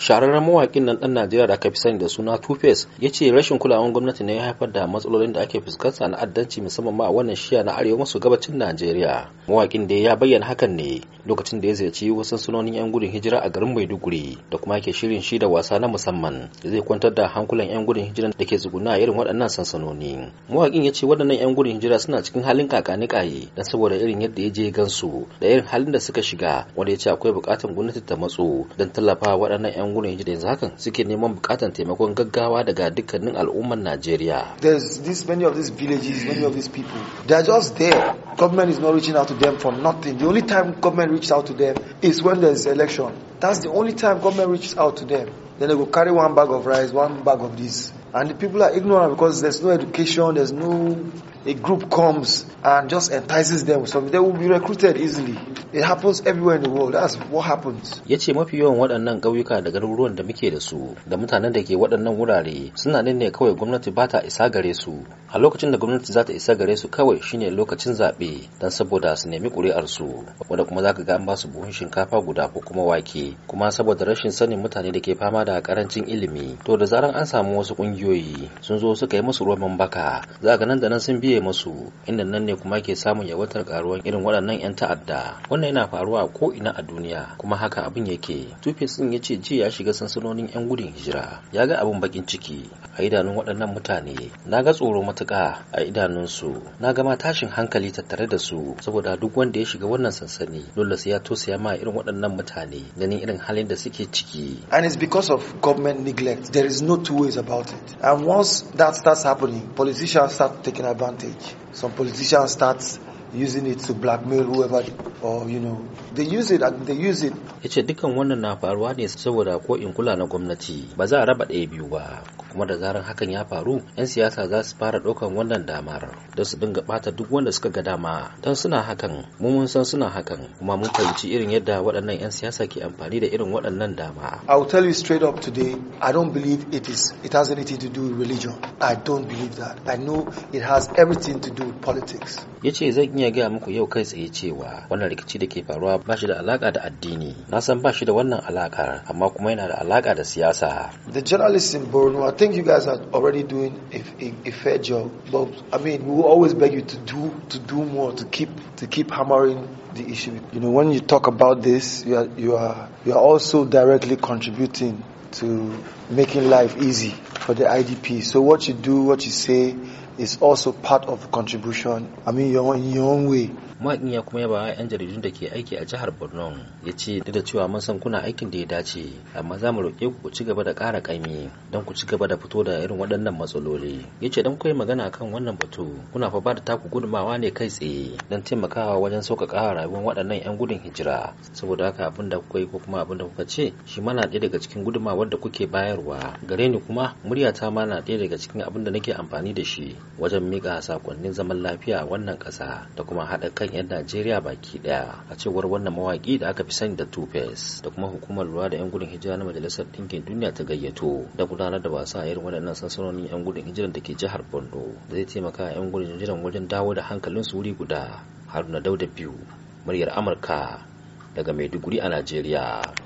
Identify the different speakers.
Speaker 1: shahararren mawakin nan dan Najeriya da aka fi sani da suna tufes ya ce rashin kulawan gwamnati ne ya haifar da matsalolin da ake fuskanta na addanci musamman ma a wannan shiya na arewa maso gabacin Najeriya. Mawakin da ya bayyana hakan ne lokacin da ya ziyarci wasu sunonin yan gudun hijira a garin Maiduguri da kuma yake shirin shi da wasa na musamman zai kwantar da hankulan yan gudun hijira da ke tsuguna irin waɗannan sansanoni. Mawakin ya ce waɗannan yan gudun hijira suna cikin halin kakanikaye dan saboda irin yadda ya je gansu da irin halin da suka shiga wanda ya ce akwai buƙatar gwamnati ta matso don tallafa waɗannan yan mutanen gurin da yanzu hakan suke neman bukatan taimakon gaggawa daga dukkanin al'ummar Najeriya.
Speaker 2: There's this many of these villages, many of these people. They just there. Government is not reaching out to them for nothing. The only time government reaches out to them is when there's election. That's the only time government reaches out to them. Then they will carry one bag of rice, one bag of this. And the people are ignorant because there's no education, there's no, a group comes and just entices them so they will be recruited easily. It happens everywhere in the world. That's what happens. Ya mafi yawan waɗannan ƙauyuka da
Speaker 1: garuruwan da muke da su da mutanen da ke waɗannan wurare suna nan ne kawai gwamnati ba ta isa gare su. A lokacin da gwamnati za ta isa gare su kawai shine lokacin zaɓe don saboda su nemi ƙuri'ar su wanda kuma za ka ga an ba su buhun shinkafa guda ko kuma wake kuma saboda rashin sanin mutane da ke fama da ƙarancin ilimi to da zaran an samu wasu ƙungiyoyi kungiyoyi sun zo suka yi musu ruwan baka za ga nan da nan sun biye musu inda nan ne kuma ke samun yawatar karuwan irin waɗannan 'yan ta'adda wannan yana faruwa ko ina a duniya kuma haka abin yake tufe sun ya ce jiya ya shiga sansanonin 'yan gudun hijira ya ga abin bakin ciki a idanun waɗannan mutane na ga tsoro matuka a idanunsu na ga ma tashin hankali tattare da su saboda duk wanda ya shiga wannan sansani dole sai ya tosaya ma irin waɗannan mutane ganin irin halin da suke ciki and
Speaker 2: it's because of government neglect there is no two ways about it And once that starts happening, politicians start taking advantage. Some politicians start using it to blackmail whoever or you know they use it and they use it.
Speaker 1: Ya dukkan wannan na faruwa ne saboda ko in kula na gwamnati ba za a raba ɗaya biyu ba kuma da zarar hakan ya faru 'yan siyasa za su fara ɗaukan wannan damar don su dinga ɓata duk wanda suka ga dama don suna hakan mun san suna hakan kuma mun fahimci irin yadda waɗannan 'yan siyasa ke amfani da irin waɗannan dama.
Speaker 2: I will tell you straight up today I don't believe it is it has anything to do with religion I don't believe that I know it has everything to do with politics.
Speaker 1: Ya ce zan iya gaya muku yau kai tsaye cewa wannan rikici da ke faruwa ba shi da alaka da addini na san ba shi da wannan alakar amma kuma yana da alaka da siyasa.
Speaker 2: The journalist in Borno think you guys are already doing a, a, a, fair job, but I mean, we will always beg you to do to do more, to keep to keep hammering the issue. You know, when you talk about this, you are you are you are also directly contributing to making life easy for the IDP. So what you do, what you say, is also part of contribution I mean your own, your own way
Speaker 1: Mai ya kuma yaba 'yan jaridun da ke aiki a jihar borno ya ce duk da cewa mun san kuna aikin da ya dace amma za mu roƙe ku ci gaba da ƙara ƙaimi don ku ci gaba da fito da irin waɗannan matsaloli ya ce don kai magana kan wannan batu kuna fa ba da taku gudumawa ne kai tsaye don taimakawa wajen sauƙaƙa rayuwar waɗannan 'yan gudun hijira saboda haka abin da kuka yi ko kuma abin da kuka ce shi mana ɗaya daga cikin gudumawar da kuke bayarwa gare ni kuma muryata ma na ɗaya daga cikin abin da nake amfani da shi wajen miƙa sakonnin zaman lafiya a wannan ƙasa, da kuma haɗa kan 'yan Najeriya baki ɗaya, a cewar wannan mawaƙi da aka fi sani da tupes da kuma hukumar ruwa da 'yan gudun hijira na Majalisar Ɗinkin Duniya ta gayyato da gudanar da wasa a irin waɗannan sansanonin 'yan gudun hijiran da ke jihar Borno da zai taimaka 'yan gudun hijiran wajen dawo da hankalinsu wuri guda. Haruna Dauda biyu muryar Amurka daga Maiduguri a Najeriya.